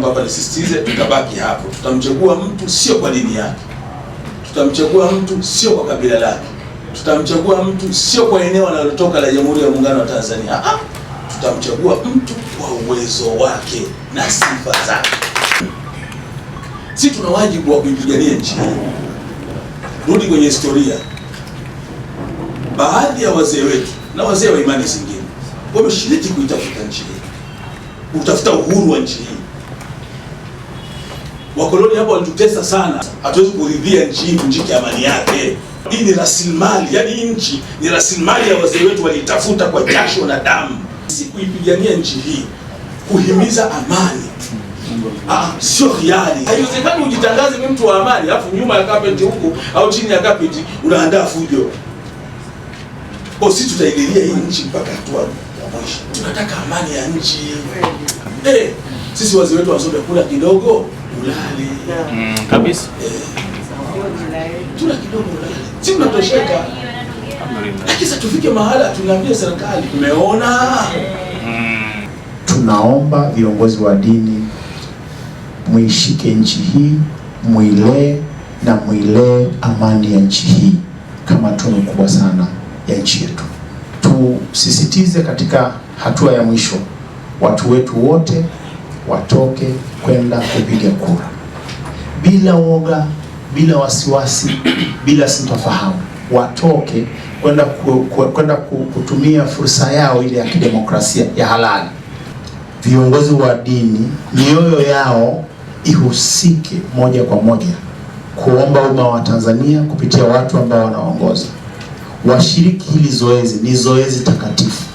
naomba hapa nisisitize, tutabaki hapo. Tutamchagua mtu sio kwa dini yake, tutamchagua mtu sio kwa kabila lake, tutamchagua mtu sio kwa eneo analotoka la Jamhuri ya Muungano wa Tanzania. Ah, ah, tutamchagua mtu kwa uwezo wake na sifa zake. Si tuna wajibu wa kuipigania nchi hii. Rudi kwenye historia, baadhi ya wazee wetu na wazee wa imani zingine wameshiriki kuitafuta nchi hii, kutafuta uhuru wa nchi hii. Wakoloni hapo walitutesa sana, hatuwezi kuridhia nchi hii kunjiki amani yake. Hii ni rasilimali, yaani nchi ni rasilimali ya wazee wetu walitafuta kwa jasho na damu. Si kuipigania nchi hii, kuhimiza amani Ah, ah sio hiari. Haiwezekani ujitangaze mimi mtu wa amani alafu nyuma ya kapeti huku au chini ya kapeti unaandaa fujo. Kwa oh, sisi tutaigeria hii nchi mpaka hatua ya mwisho. Tunataka amani ya nchi. Eh, sisi wazee wetu wazuri kula kidogo. Mm, kabisa, kidogo si tunatosheka. Lakini sasa tufike mahala serikali tumeona. Tunaomba viongozi wa dini muishike nchi hii, mwilee na mwilee amani ya nchi hii kama tunu kubwa sana ya nchi yetu. Tusisitize katika hatua ya mwisho, watu wetu wote watoke kwenda kupiga kura bila woga, bila wasiwasi, bila sintofahamu, watoke kwenda ku, ku, kwenda kutumia fursa yao ile ya kidemokrasia ya halali. Viongozi wa dini, mioyo yao ihusike moja kwa moja kuomba umma wa Tanzania kupitia watu ambao wanaongoza. Washiriki hili zoezi, ni zoezi takatifu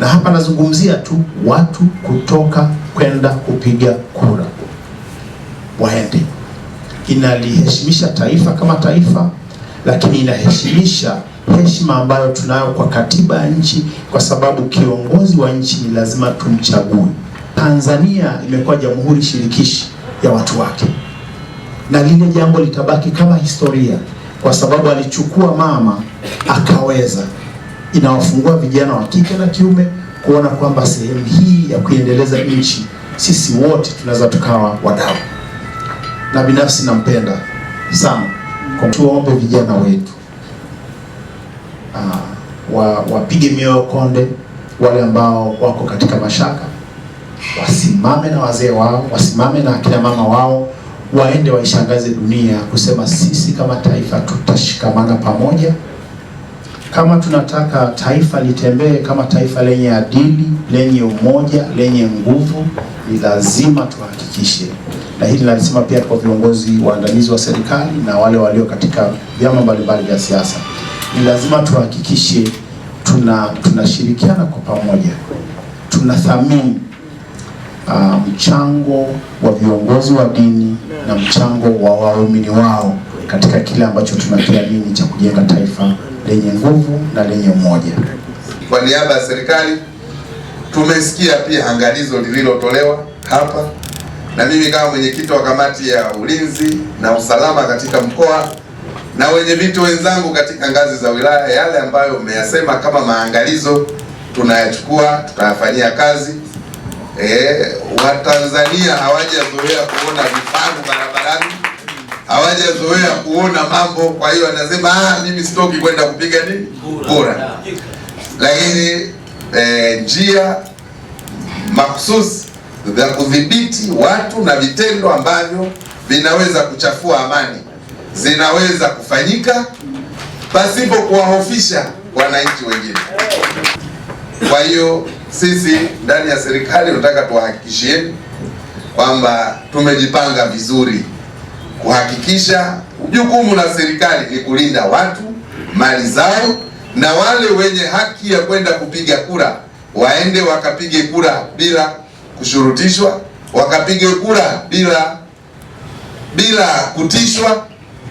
na hapa nazungumzia tu watu kutoka kwenda kupiga kura, waende. Inaliheshimisha taifa kama taifa, lakini inaheshimisha heshima ambayo tunayo kwa katiba ya nchi, kwa sababu kiongozi wa nchi ni lazima tumchague. Tanzania imekuwa jamhuri shirikishi ya watu wake, na lile jambo litabaki kama historia, kwa sababu alichukua mama akaweza inawafungua vijana wa kike na kiume kuona kwamba sehemu hii ya kuiendeleza nchi sisi wote tunaweza tukawa wadau, na binafsi nampenda sana kwa tuombe vijana wetu ah, wa, wapige mioyo konde wale ambao wako katika mashaka, wasimame na wazee wao, wasimame na akina mama wao, waende waishangaze dunia kusema sisi kama taifa tutashikamana pamoja. Kama tunataka taifa litembee kama taifa lenye adili, lenye umoja, lenye nguvu, ni lazima tuhakikishe, na hili lazima pia kwa viongozi waandamizi wa serikali na wale walio katika vyama mbalimbali vya siasa, ni lazima tuhakikishe tuna tunashirikiana kwa pamoja, tunathamini uh, mchango wa viongozi wa dini na mchango wa waumini wao katika kile ambacho tunakiamini cha kujenga taifa lenye nguvu na lenye umoja. Kwa niaba ya serikali tumesikia pia angalizo lililotolewa hapa, na mimi kama mwenyekiti wa kamati ya ulinzi na usalama katika mkoa na wenye viti wenzangu katika ngazi za wilaya, yale ambayo umeyasema kama maangalizo tunayachukua, tutayafanyia kazi. E, Watanzania hawajazoea kuona vifaru barabarani hawajazoea kuona mambo, kwa hiyo anasema ah, mimi sitoki kwenda kupiga nini kura. Ah. Lakini eh, njia mahususi za kudhibiti watu na vitendo ambavyo vinaweza kuchafua amani zinaweza kufanyika pasipo kuwahofisha wananchi wengine. Kwa hiyo sisi ndani ya serikali tunataka tuwahakikishieni kwamba tumejipanga vizuri kuhakikisha jukumu la serikali ni kulinda watu, mali zao, na wale wenye haki ya kwenda kupiga kura waende wakapige kura bila kushurutishwa, wakapige kura bila bila kutishwa,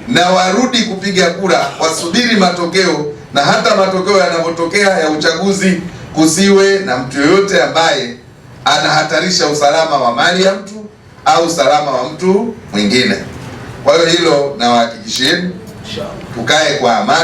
na warudi kupiga kura, wasubiri matokeo, na hata matokeo yanapotokea ya uchaguzi kusiwe na mtu yoyote ambaye anahatarisha usalama wa mali ya mtu au usalama wa mtu mwingine. Kwa hiyo hilo nawahakikishieni, tukae kwa amani.